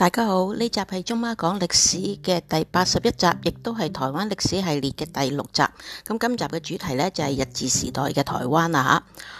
大家好，呢集係中媽講歷史嘅第八十一集，亦都係台灣歷史系列嘅第六集。咁今集嘅主題呢，就係日治時代嘅台灣啦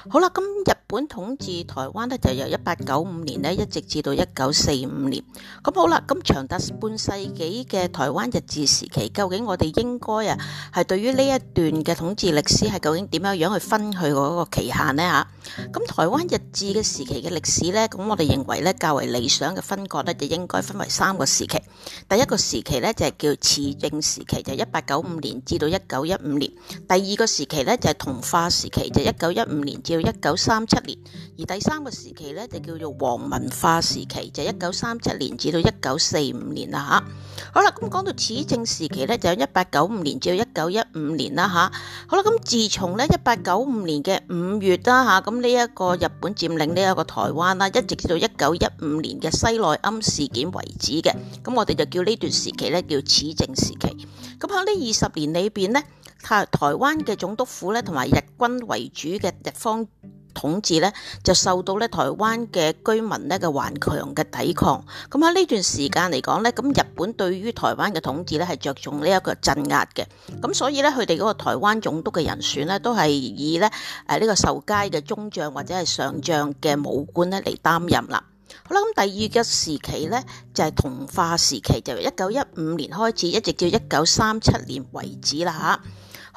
吓。好啦，今日。本統治台灣咧就由一八九五年咧一直至到一九四五年，咁好啦，咁長達半世紀嘅台灣日治時期，究竟我哋應該啊係對於呢一段嘅統治歷史係究竟點樣樣去分去嗰個期限呢？嚇？咁台灣日治嘅時期嘅歷史呢？咁我哋認為咧較為理想嘅分割呢，就應該分為三個時期，第一個時期呢，就係、是、叫始政時期，就一八九五年至到一九一五年；第二個時期呢，就係、是、同化時期，就一九一五年至到一九三七年而第三個時期咧就叫做皇民化時期，就一九三七年至年、啊嗯、到一九四五年啦。吓，好啦，咁講到始政時期咧，就一八九五年至到一九一五年啦。吓、啊、好啦，咁、嗯、自從咧一八九五年嘅五月啦吓，咁呢一個日本佔領呢一個台灣啦，一直至到一九一五年嘅西內庵事件為止嘅。咁我哋就叫呢段時期咧叫始政時期。咁喺呢二十年裏邊呢，台台灣嘅總督府咧同埋日軍為主嘅日方。統治咧就受到咧台灣嘅居民呢嘅頑強嘅抵抗，咁喺呢段時間嚟講咧，咁日本對於台灣嘅統治咧係着重呢一個鎮壓嘅，咁所以咧佢哋嗰個台灣總督嘅人選咧都係以咧誒呢、呃這個受階嘅中將或者係上將嘅武官咧嚟擔任啦。好啦，咁第二嘅時期咧就係、是、同化時期，就一九一五年開始一直到一九三七年為止啦。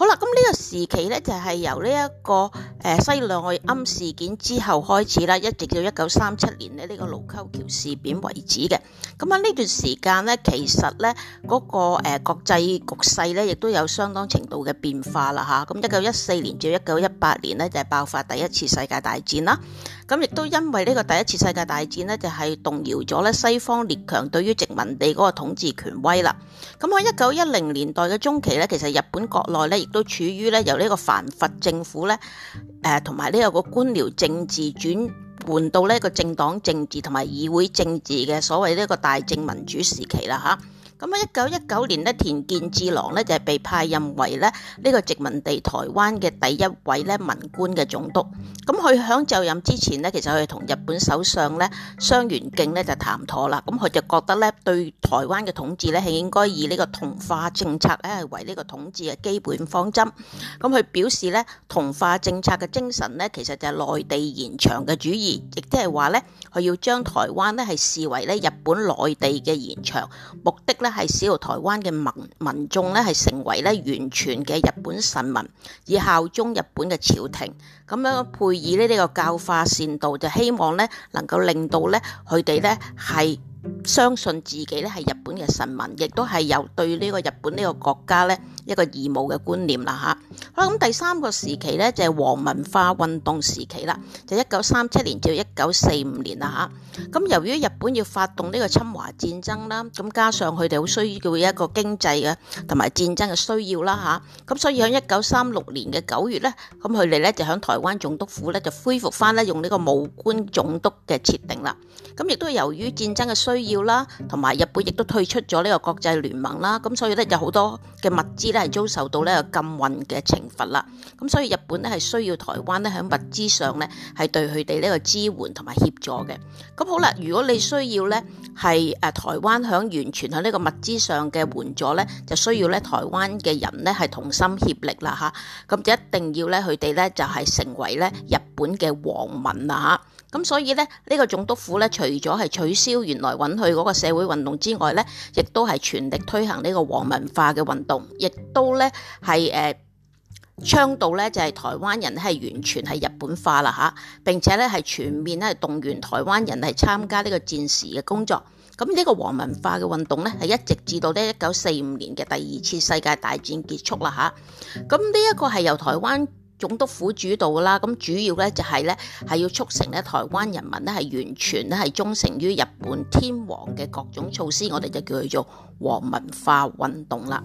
好啦，咁呢個時期咧就係、是、由呢、這、一個誒、呃、西來庵事件之後開始啦，一直到一九三七年呢，呢、這個盧溝橋事變為止嘅。咁喺呢段時間咧，其實咧嗰、那個誒、呃、國際局勢咧亦都有相當程度嘅變化啦吓。咁一九一四年至一九一八年咧就係、是、爆發第一次世界大戰啦。咁亦都因為呢個第一次世界大戰呢，就係動搖咗咧西方列強對於殖民地嗰個統治權威啦。咁喺一九一零年代嘅中期咧，其實日本國內咧亦都處於咧由呢個藩閥政府咧，誒同埋呢個官僚政治轉換到呢個政黨政治同埋議會政治嘅所謂呢個大正民主時期啦嚇。咁啊，一九一九年呢，田健治郎呢就係被派任為呢呢個殖民地台灣嘅第一位呢文官嘅總督。咁佢響就任之前呢，其實佢同日本首相呢原敬呢就談妥啦。咁佢就覺得呢，對台灣嘅統治呢，係應該以呢個同化政策呢，係為呢個統治嘅基本方針。咁佢表示呢，同化政策嘅精神呢，其實就係內地延長嘅主義，亦即係話呢，佢要將台灣呢，係視為呢日本內地嘅延長目的。咧係使台灣嘅民民眾咧，係成為咧完全嘅日本臣民，以效忠日本嘅朝廷。咁樣配以呢呢個教化善道，就希望咧能夠令到咧佢哋咧係相信自己咧係日本嘅臣民，亦都係有對呢個日本呢個國家咧，一個義務嘅觀念啦吓，好啦咁第三個時期咧就係、是、黃文化運動時期啦，就一九三七年至一九四五年啦吓，咁、啊、由於日本要發動呢個侵華戰爭啦，咁、啊、加上佢哋好需要一個經濟嘅同埋戰爭嘅需要啦吓，咁、啊啊、所以喺一九三六年嘅九月咧，咁佢哋咧就喺台灣總督府咧就恢復返咧用呢個武官總督嘅設定啦。咁、啊、亦、啊、都由於戰爭嘅需要啦，同、啊、埋、啊、日本亦都退出咗呢個國際聯盟啦，咁、啊、所以咧有好多嘅物資，都係遭受到呢個禁運嘅懲罰啦，咁所以日本咧係需要台灣咧喺物資上咧係對佢哋呢個支援同埋協助嘅，咁好啦，如果你需要咧係誒台灣響完全喺呢個物資上嘅援助咧，就需要咧台灣嘅人咧係同心協力啦吓，咁就一定要咧佢哋咧就係、是、成為咧日本嘅皇民啦吓。咁所以咧，呢、這個總督府咧，除咗係取消原來允許嗰個社會運動之外咧，亦都係全力推行呢個皇文化嘅運動，亦都咧係誒倡導咧就係、是、台灣人係完全係日本化啦吓，並且咧係全面咧動員台灣人係參加呢個戰時嘅工作。咁、嗯、呢、這個皇文化嘅運動咧係一直至到呢一九四五年嘅第二次世界大戰結束啦吓，咁呢一個係由台灣。總督府主導啦，咁主要呢就係呢，係要促成呢台灣人民呢係完全呢係忠誠於日本天皇嘅各種措施，我哋就叫佢做皇文化運動啦。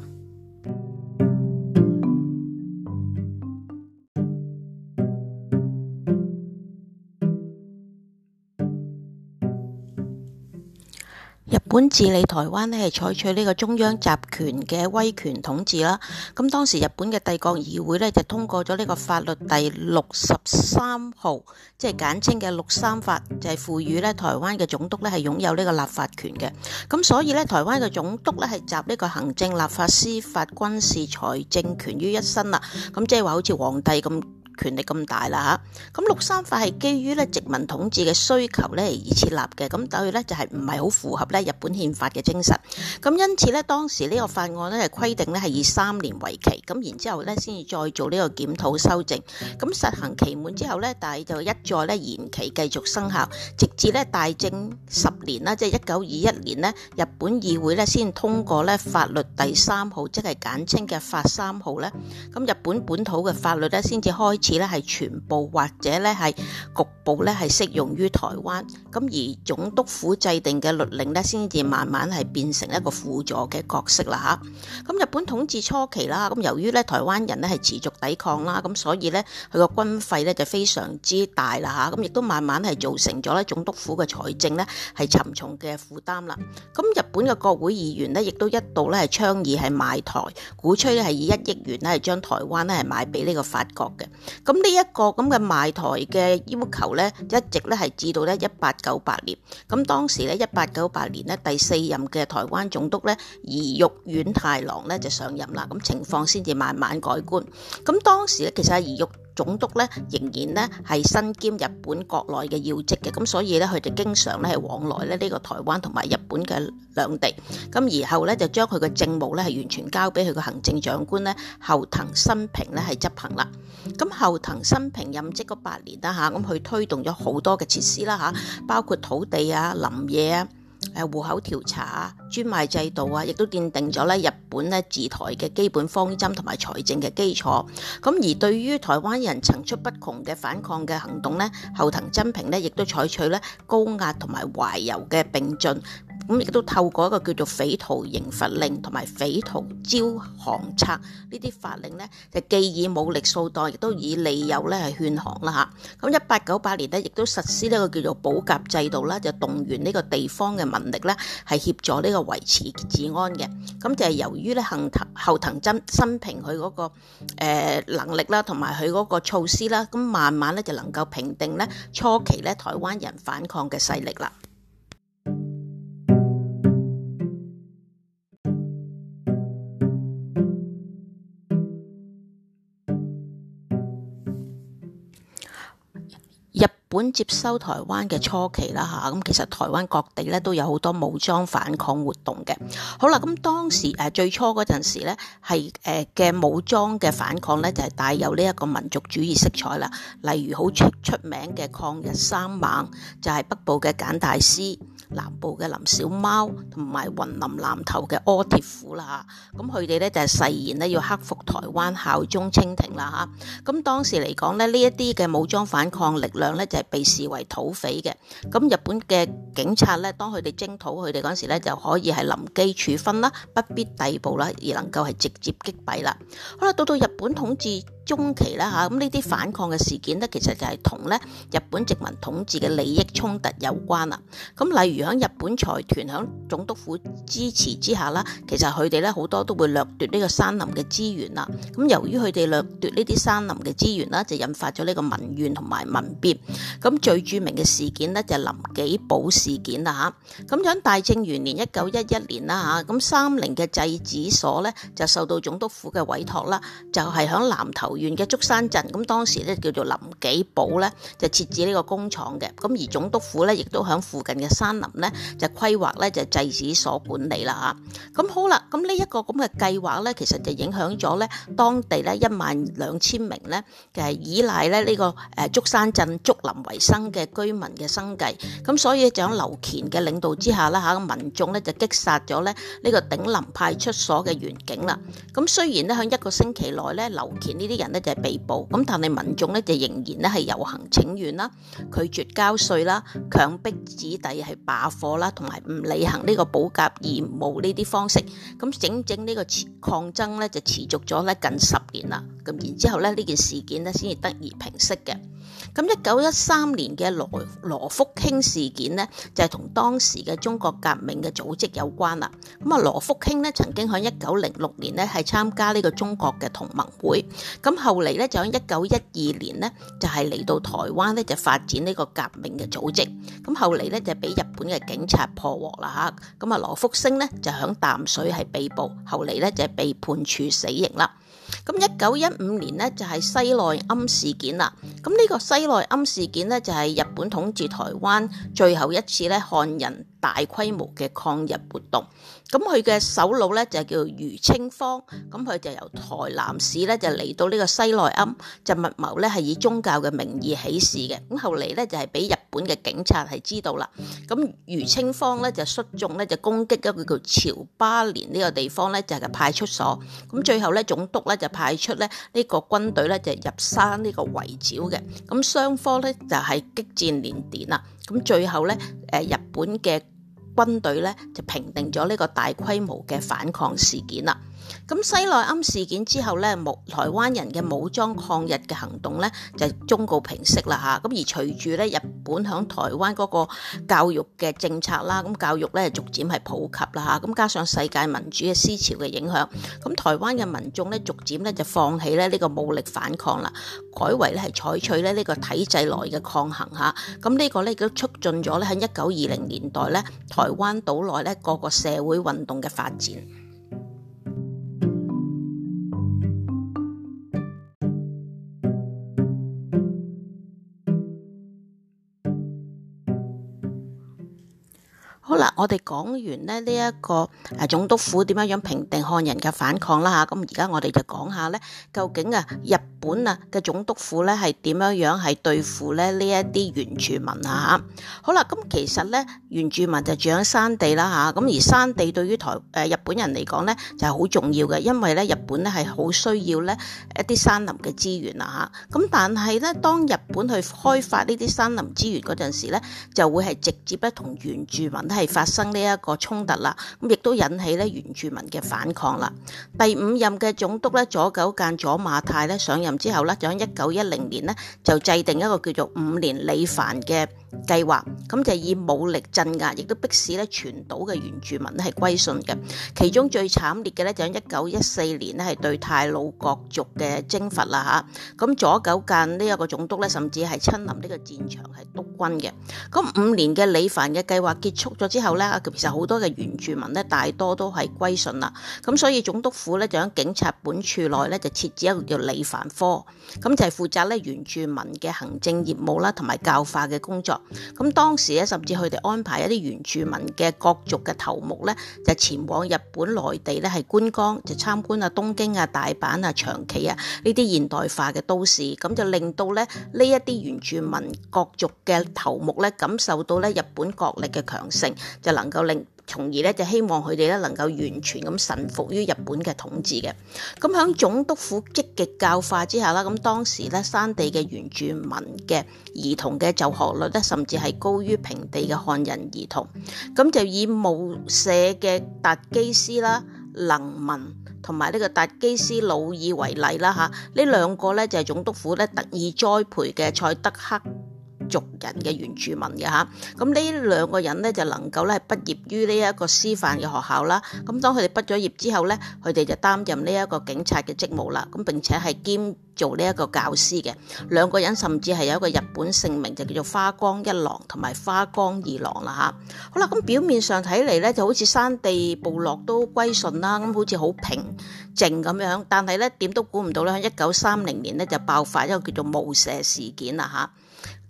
日本治理台灣呢係採取呢個中央集權嘅威權統治啦，咁當時日本嘅帝國議會呢，就通過咗呢個法律第六十三號，即係簡稱嘅六三法，就係賦予呢台灣嘅總督呢係擁有呢個立法權嘅，咁所以呢，台灣嘅總督呢係集呢個行政、立法、司法、軍事、財政權於一身啦，咁即係話好似皇帝咁。權力咁大啦嚇，咁六三法係基於咧殖民統治嘅需求咧而設立嘅，咁但係咧就係唔係好符合咧日本憲法嘅精神，咁因此咧當時呢個法案咧係規定咧係以三年為期，咁然之後咧先至再做呢個檢討修正，咁實行期滿之後咧，但係就一再咧延期繼續生效，直至咧大正十年啦，即係一九二一年呢，日本議會咧先通過咧法律第三號，即係簡稱嘅法三號咧，咁日本本土嘅法律咧先至開似咧係全部或者咧係局部咧係適用於台灣咁，而總督府制定嘅律令咧先至慢慢係變成一個輔助嘅角色啦嚇。咁日本統治初期啦，咁由於咧台灣人咧係持續抵抗啦，咁所以咧佢個軍費咧就非常之大啦嚇，咁亦都慢慢係造成咗咧總督府嘅財政咧係沉重嘅負擔啦。咁日本嘅國會議員咧亦都一度咧係倡議係買台鼓吹係以一億元咧係將台灣咧係賣俾呢個法國嘅。咁呢一個咁嘅賣台嘅要求咧，一直咧係至到咧一八九八年。咁當時咧一八九八年咧第四任嘅台灣總督咧，兒玉源太郎咧就上任啦。咁情況先至慢慢改觀。咁當時咧其實係兒玉總督咧仍然咧係身兼日本國內嘅要職嘅，咁所以咧佢哋經常咧係往來咧呢個台灣同埋日本嘅兩地，咁而後咧就將佢嘅政務咧係完全交俾佢嘅行政長官咧後藤新平咧係執行啦。咁後藤新平任職嗰八年啦嚇，咁佢推動咗好多嘅設施啦嚇，包括土地啊、林野啊。誒戶口調查啊，專賣制度啊，亦都奠定咗日本咧治台嘅基本方針同埋財政嘅基礎。咁而對於台灣人層出不窮嘅反抗嘅行動咧，後藤真平咧亦都採取咧高壓同埋懷柔嘅並進。咁亦都透過一個叫做匪徒刑罰令同埋匪徒招降策呢啲法令呢，就既以武力掃蕩，亦都以利誘咧係勸降啦嚇。咁一八九八年呢，亦都實施呢個叫做保甲制度啦，就動員呢個地方嘅民力呢係協助呢個維持治安嘅。咁就係由於呢藤後藤真新平佢嗰個、呃、能力啦，同埋佢嗰個措施啦，咁慢慢咧就能夠平定呢初期咧台灣人反抗嘅勢力啦。本接收台灣嘅初期啦嚇，咁其實台灣各地咧都有好多武裝反抗活動嘅。好啦，咁當時誒最初嗰陣時咧，係誒嘅武裝嘅反抗咧，就係帶有呢一個民族主義色彩啦。例如好出出名嘅抗日三猛，就係北部嘅簡大獅，南部嘅林小貓同埋雲林南投嘅柯鐵虎啦，咁佢哋咧就係誓言咧要克服台灣效忠清廷啦嚇，咁當時嚟講咧呢一啲嘅武裝反抗力量咧就係被視為土匪嘅，咁日本嘅警察咧當佢哋征討佢哋嗰時咧就可以係臨機處分啦，不必逮捕啦，而能夠係直接擊斃啦。好啦，到到日本統治。中期啦吓，咁呢啲反抗嘅事件咧，其實就係同咧日本殖民統治嘅利益衝突有關啦。咁例如響日本財團響總督府支持之下啦，其實佢哋咧好多都會掠奪呢個山林嘅資源啦。咁由於佢哋掠奪呢啲山林嘅資源啦，就引發咗呢個民怨同埋民變。咁最著名嘅事件咧就係林杞埔事件啦吓。咁響大正元年一九一一年啦吓，咁三菱嘅製紙所咧就受到總督府嘅委託啦，就係響南投。原嘅竹山鎮，咁當時咧叫做林圮埔咧，就設置呢個工廠嘅。咁而總督府咧，亦都喺附近嘅山林咧，就規劃咧就製紙所管理啦嚇。咁、啊、好啦，咁呢一個咁嘅計劃咧，其實就影響咗咧當地咧一萬兩千名咧就係依賴咧呢、這個誒、啊、竹山鎮竹林為生嘅居民嘅生計。咁、啊、所以就喺劉乾嘅領導之下啦嚇，民眾咧就擊殺咗咧呢、這個頂林派出所嘅員警啦。咁、啊、雖然咧喺一個星期內咧，劉乾呢啲人咧就係被捕，咁但係民眾咧就仍然咧係遊行請願啦，拒絕交稅啦，強迫子弟係罷課啦，同埋唔履行呢個保甲義務呢啲方式，咁整整呢個抗爭咧就持續咗咧近十年啦，咁然之後咧呢件事件咧先至得以平息嘅。咁一九一三年嘅羅羅福卿事件呢，就係同當時嘅中國革命嘅組織有關啦。咁啊羅福卿咧曾經喺一九零六年呢，係參加呢個中國嘅同盟會，咁。後嚟咧就喺一九一二年呢，就係嚟到台灣咧就發展呢個革命嘅組織，咁後嚟咧就俾日本嘅警察破獲啦吓，咁啊羅福星呢，就響淡水係被捕，後嚟咧就被判處死刑啦。咁一九一五年呢，就係西內庵事件啦，咁呢個西內庵事件呢，就係日本統治台灣最後一次咧漢人大規模嘅抗日活動。咁佢嘅首腦咧就叫余清芳，咁佢就由台南市咧就嚟到呢個西內庵就密謀咧係以宗教嘅名義起事嘅，咁後嚟咧就係、是、俾日本嘅警察係知道啦，咁余清芳咧就率眾咧就攻擊一個叫朝巴連呢個地方咧就係、是、個派出所，咁最後咧總督咧就派出咧呢個軍隊咧就入山呢個圍剿嘅，咁雙方咧就係、是、激戰連連啊，咁最後咧誒日本嘅。軍隊咧就平定咗呢個大規模嘅反抗事件啦。咁西內庵事件之後咧，武台灣人嘅武裝抗日嘅行動咧就終告平息啦嚇。咁而隨住咧日本響台灣嗰個教育嘅政策啦，咁教育咧逐漸係普及啦嚇。咁加上世界民主嘅思潮嘅影響，咁台灣嘅民眾咧逐漸咧就放棄咧呢個武力反抗啦，改為咧係採取咧呢個體制內嘅抗衡嚇。咁呢個咧亦都促進咗咧喺一九二零年代咧台灣島內咧個個社會運動嘅發展。嗱，我哋講完咧呢一、這個誒總督府點樣樣平定漢人嘅反抗啦吓，咁而家我哋就講下咧究竟啊日本啊嘅總督府咧係點樣樣係對付咧呢一啲原住民啊吓，好啦，咁、嗯、其實咧原住民就住喺山地啦吓，咁、啊、而山地對於台誒、呃、日本人嚟講咧就係、是、好重要嘅，因為咧日本咧係好需要咧一啲山林嘅資源啦吓，咁、啊、但係咧當日本去開發呢啲山林資源嗰陣時咧，就會係直接咧同原住民係。發生呢一個衝突啦，咁亦都引起咧原住民嘅反抗啦。第五任嘅總督咧佐久間左馬太咧上任之後咧，就喺一九一零年咧就制定一個叫做五年理蕃嘅，計劃咁就以武力鎮壓，亦都迫使咧全島嘅原住民咧係歸順嘅。其中最慘烈嘅咧就喺一九一四年呢係對太魯閣族嘅征伐啦吓，咁、啊、佐久間呢一個總督咧甚至係親臨呢個戰場係督軍嘅。咁、啊、五年嘅理蕃嘅計劃結束咗之後咧，其實好多嘅原住民呢，大多都係歸順啦。咁、啊、所以總督府咧就喺警察本處內咧就設置一個叫理蕃科，咁就係負責咧原住民嘅行政業務啦同埋教化嘅工作。咁當時咧，甚至佢哋安排一啲原住民嘅國族嘅頭目咧，就前往日本內地咧，係觀光，就參觀啊東京啊大阪啊長崎啊呢啲現代化嘅都市，咁就令到咧呢一啲原住民國族嘅頭目咧，感受到咧日本國力嘅強盛，就能夠令。從而咧就希望佢哋咧能夠完全咁臣服於日本嘅統治嘅。咁喺總督府積極教化之下啦，咁當時咧山地嘅原住民嘅兒童嘅就學率咧甚至係高於平地嘅漢人兒童。咁就以霧社嘅達基斯啦、能文同埋呢個達基斯魯爾為例啦嚇，呢、啊、兩個咧就係總督府咧特意栽培嘅賽德克族人嘅原住民嘅吓，咁呢兩個人咧就能夠咧畢業於呢一個師範嘅學校啦。咁當佢哋畢咗業之後咧，佢哋就擔任呢一個警察嘅職務啦。咁並且係兼做呢一個教師嘅兩個人，甚至係有一個日本姓名，就叫做花岡一郎同埋花岡二郎啦吓、啊，好啦，咁、嗯、表面上睇嚟咧，就好似山地部落都歸順啦，咁、嗯、好似好平靜咁樣。但係咧，點都估唔到咧，一九三零年呢，就爆發一個叫做霧社事件啦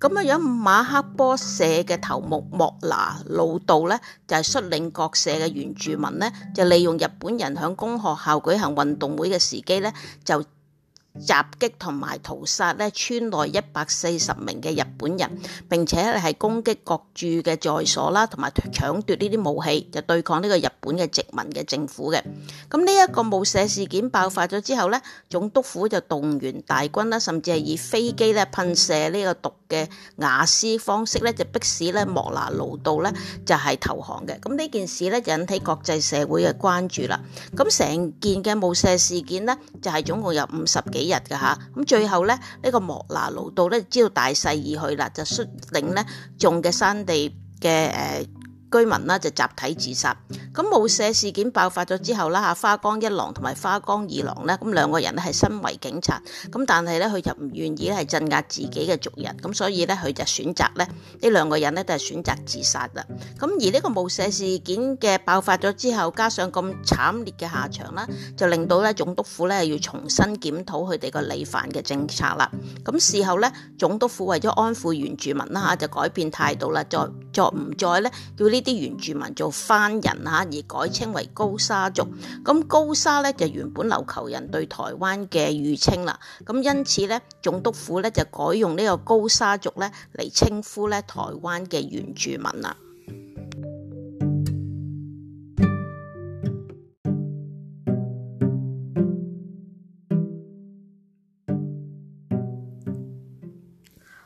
吓，咁啊，有馬赫坡社嘅頭目莫那魯道咧，就係、是、率領各社嘅原住民呢，就利用日本人響公學校舉行運動會嘅時機咧，就，襲擊同埋屠殺咧村內一百四十名嘅日本人，並且咧係攻擊各駐嘅在所啦，同埋搶奪呢啲武器，就對抗呢個日本嘅殖民嘅政府嘅。咁呢一個霧社事件爆發咗之後呢，總督府就動員大軍啦，甚至係以飛機咧噴射呢個毒嘅瓦斯方式咧，就迫使咧莫那魯道呢就係投降嘅。咁呢件事呢引起國際社會嘅關注啦。咁成件嘅霧社事件呢，就係、是、總共有五十幾。日嘅吓，咁、嗯、最後咧呢、這個莫拿勞道咧知道大勢已去啦，就率領咧眾嘅山地嘅誒。呃居民呢就集體自殺，咁霧社事件爆發咗之後啦，吓花崗一郎同埋花崗二郎咧，咁兩個人咧係身為警察，咁但係咧佢就唔願意咧係鎮壓自己嘅族人，咁所以咧佢就選擇咧呢兩個人咧都係選擇自殺啦。咁而呢個霧社事件嘅爆發咗之後，加上咁慘烈嘅下場啦，就令到咧總督府咧要重新檢討佢哋個理蕃嘅政策啦。咁事後咧總督府為咗安撫原住民啦吓就改變態度啦，再再唔再咧叫呢。呢啲原住民做番人嚇，而改稱為高砂族。咁高砂呢，就原本琉球人對台灣嘅譯稱啦。咁因此呢，總督府呢，就改用呢個高砂族呢嚟稱呼咧台灣嘅原住民啦。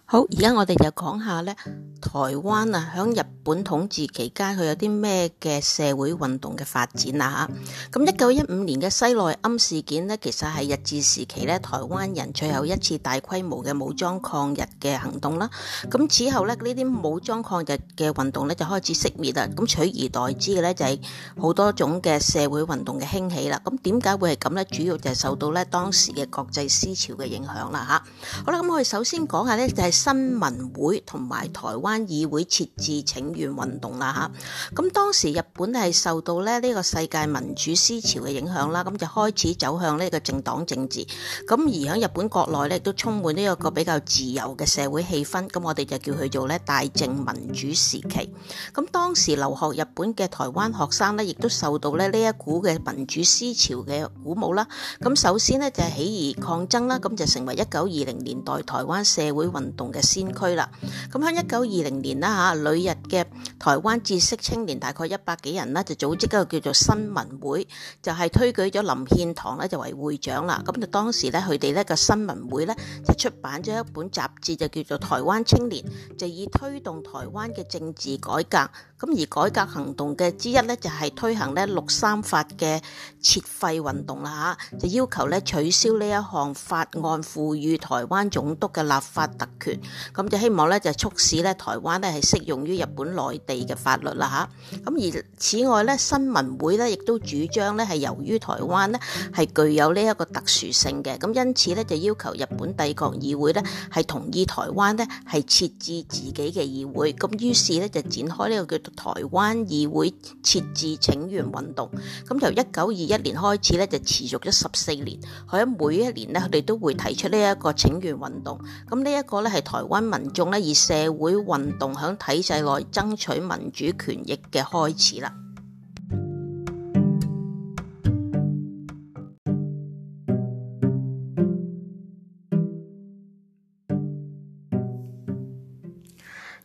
好，而家我哋就講下呢。台灣啊，響日本統治期間佢有啲咩嘅社會運動嘅發展啊？吓，咁一九一五年嘅西來庵事件咧，其實係日治時期咧，台灣人最後一次大規模嘅武裝抗日嘅行動啦。咁此後咧，呢啲武裝抗日嘅運動咧就開始熄滅啦。咁取而代之嘅咧就係好多種嘅社會運動嘅興起啦。咁點解會係咁咧？主要就係受到咧當時嘅國際思潮嘅影響啦。吓，好啦，咁我哋首先講下咧，就係新民會同埋台灣。議會設置請願運動啦，吓，咁當時日本係受到咧呢個世界民主思潮嘅影響啦，咁就開始走向呢個政黨政治，咁而喺日本國內咧亦都充滿呢一個比較自由嘅社會氣氛，咁我哋就叫佢做咧大正民主時期。咁當時留學日本嘅台灣學生呢，亦都受到咧呢一股嘅民主思潮嘅鼓舞啦，咁首先呢，就係起而抗爭啦，咁就成為一九二零年代台灣社會運動嘅先驅啦。咁喺一九二零年啦嚇，旅日嘅台灣知識青年大概一百幾人啦，就組織一個叫做新聞會，就係、是、推舉咗林獻堂咧就為會長啦。咁就當時咧，佢哋呢個新聞會咧就出版咗一本雜誌，就叫做《台灣青年》，就以推動台灣嘅政治改革。咁而改革行動嘅之一咧，就係推行咧六三法嘅撤廢運動啦吓，就要求咧取消呢一項法案賦予台灣總督嘅立法特權，咁就希望咧就促使咧台灣咧係適用於日本內地嘅法律啦吓，咁而此外咧，新聞會咧亦都主張咧係由於台灣咧係具有呢一個特殊性嘅，咁因此咧就要求日本帝國議會咧係同意台灣咧係設置自己嘅議會，咁於是咧就展開呢個叫。台灣議會設置請願運動，咁由一九二一年開始咧，就持續咗十四年。喺每一年咧，佢哋都會提出呢一個請願運動。咁呢一個咧，係台灣民眾咧以社會運動喺體制內爭取民主權益嘅開始啦。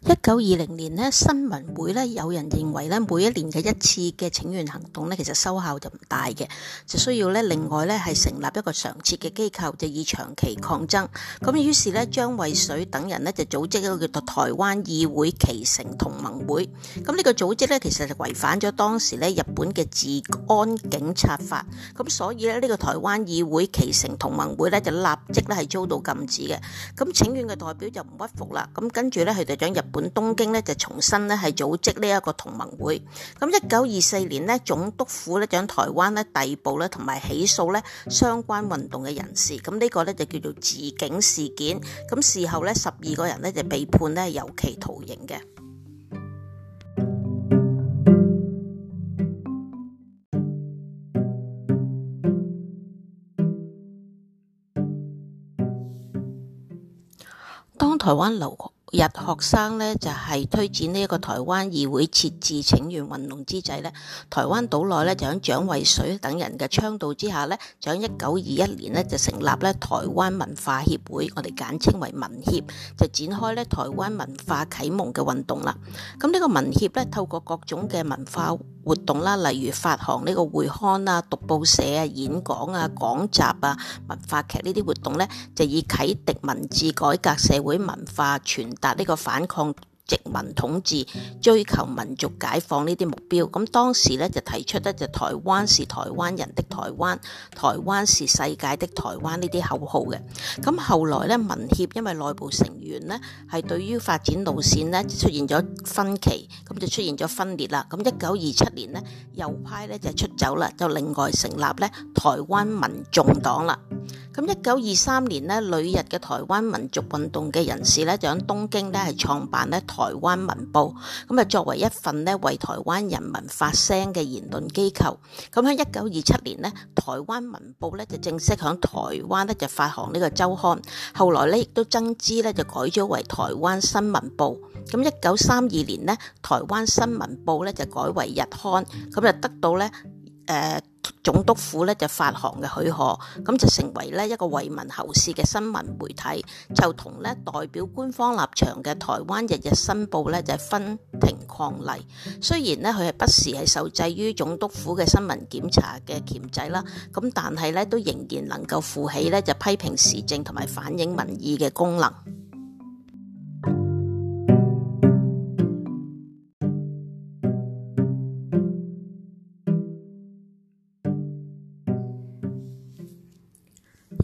一九二零年呢，新聞會呢，有人認為呢，每一年嘅一次嘅請願行動呢，其實收效就唔大嘅，就需要呢，另外呢，係成立一個常設嘅機構，就以長期抗爭。咁於是呢，蔣渭水等人呢，就組織一個叫做台灣議會期成同盟會。咁、這、呢個組織呢，其實就違反咗當時呢日本嘅治安警察法。咁所以呢，呢個台灣議會期成同盟會呢，就立即呢，係遭到禁止嘅。咁請願嘅代表就唔屈服啦。咁跟住呢，佢哋想日本東京呢就重新呢係組織呢一個同盟會咁一九二四年呢，總督府呢將台灣呢逮捕呢同埋起訴呢相關運動嘅人士咁呢個呢就叫做自警事件咁事後呢，十二個人呢就被判呢係有期徒刑嘅。當台灣留學。日學生呢就係、是、推展呢一個台灣議會設置請願運動之際呢，台灣島內呢就喺蔣渭水等人嘅倡導之下呢，就喺一九二一年呢就成立咧台灣文化協會，我哋簡稱為文協，就展開咧台灣文化啟蒙嘅運動啦。咁呢個文協呢透過各種嘅文化。活動啦，例如發行呢個會刊啊、讀報社啊、演講啊、講習啊、文化劇呢啲活動呢，就以啟迪文字改革、社會文化，傳達呢個反抗。殖民統治、追求民族解放呢啲目標，咁當時咧就提出咧就台灣是台灣人的台灣，台灣是世界的台灣呢啲口號嘅。咁後來咧，文協因為內部成員呢，係對於發展路線咧出現咗分歧，咁就出現咗分，分裂啦。咁一九二七年呢，右派咧就出走啦，就另外成立咧台灣民眾黨啦。咁一九二三年呢，旅日嘅台灣民族運動嘅人士咧，就喺東京咧係創辦咧《台灣文報》，咁啊作為一份呢，為台灣人民發聲嘅言論機構。咁喺一九二七年呢，《台灣文報》咧就正式響台灣咧就發行呢個周刊，後來咧亦都增資咧就改咗為台灣《台灣新聞報》。咁一九三二年呢，《台灣新聞報》咧就改為日刊，咁就得到咧誒。呃總督府咧就發行嘅許可，咁就成為呢一個為民喉舌嘅新聞媒體，就同呢代表官方立場嘅台灣日日新報呢，就分庭抗禮。雖然呢，佢係不時係受制於總督府嘅新聞檢查嘅鉗制啦，咁但係呢都仍然能夠負起呢就批評時政同埋反映民意嘅功能。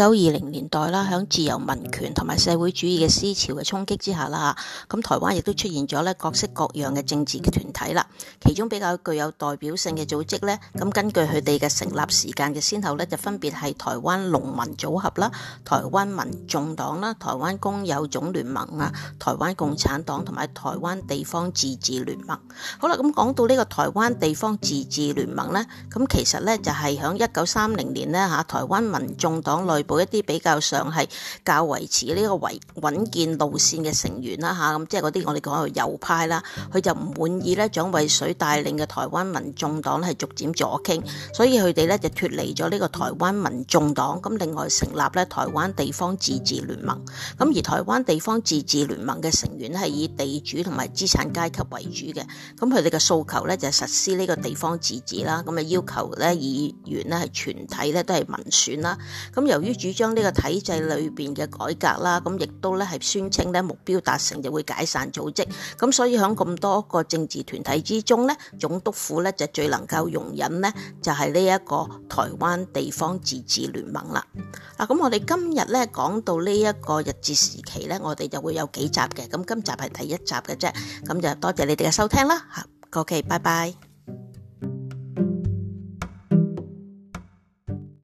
一九二零年代啦，響自由民權同埋社會主義嘅思潮嘅衝擊之下啦，咁台灣亦都出現咗呢各式各樣嘅政治嘅團體啦。其中比較具有代表性嘅組織呢，咁根據佢哋嘅成立時間嘅先後呢，就分別係台灣農民組合啦、台灣民眾黨啦、台灣工友總聯盟啊、台灣共產黨同埋台灣地方自治聯盟。好啦，咁講到呢個台灣地方自治聯盟呢，咁其實呢，就係喺一九三零年呢，吓台灣民眾黨內。一啲比較上係較維持呢個維穩健路線嘅成員啦吓，咁、啊、即係嗰啲我哋講嘅右派啦，佢就唔滿意咧蔣渭水帶領嘅台灣民眾黨係逐漸左傾，所以佢哋咧就脫離咗呢個台灣民眾黨，咁另外成立咧台灣地方自治聯盟。咁而台灣地方自治聯盟嘅成員咧係以地主同埋資產階級為主嘅，咁佢哋嘅訴求咧就實施呢個地方自治啦，咁啊要求咧議員呢，係全體咧都係民選啦，咁由於主張呢個體制裏邊嘅改革啦，咁亦都咧係宣稱咧目標達成就會解散組織，咁所以喺咁多個政治團體之中咧，總督府咧就最能夠容忍咧，就係呢一個台灣地方自治聯盟啦。嗱，咁我哋今日咧講到呢一個日治時期咧，我哋就會有幾集嘅，咁今集係第一集嘅啫，咁就多謝你哋嘅收聽啦，吓，好嘅，拜拜。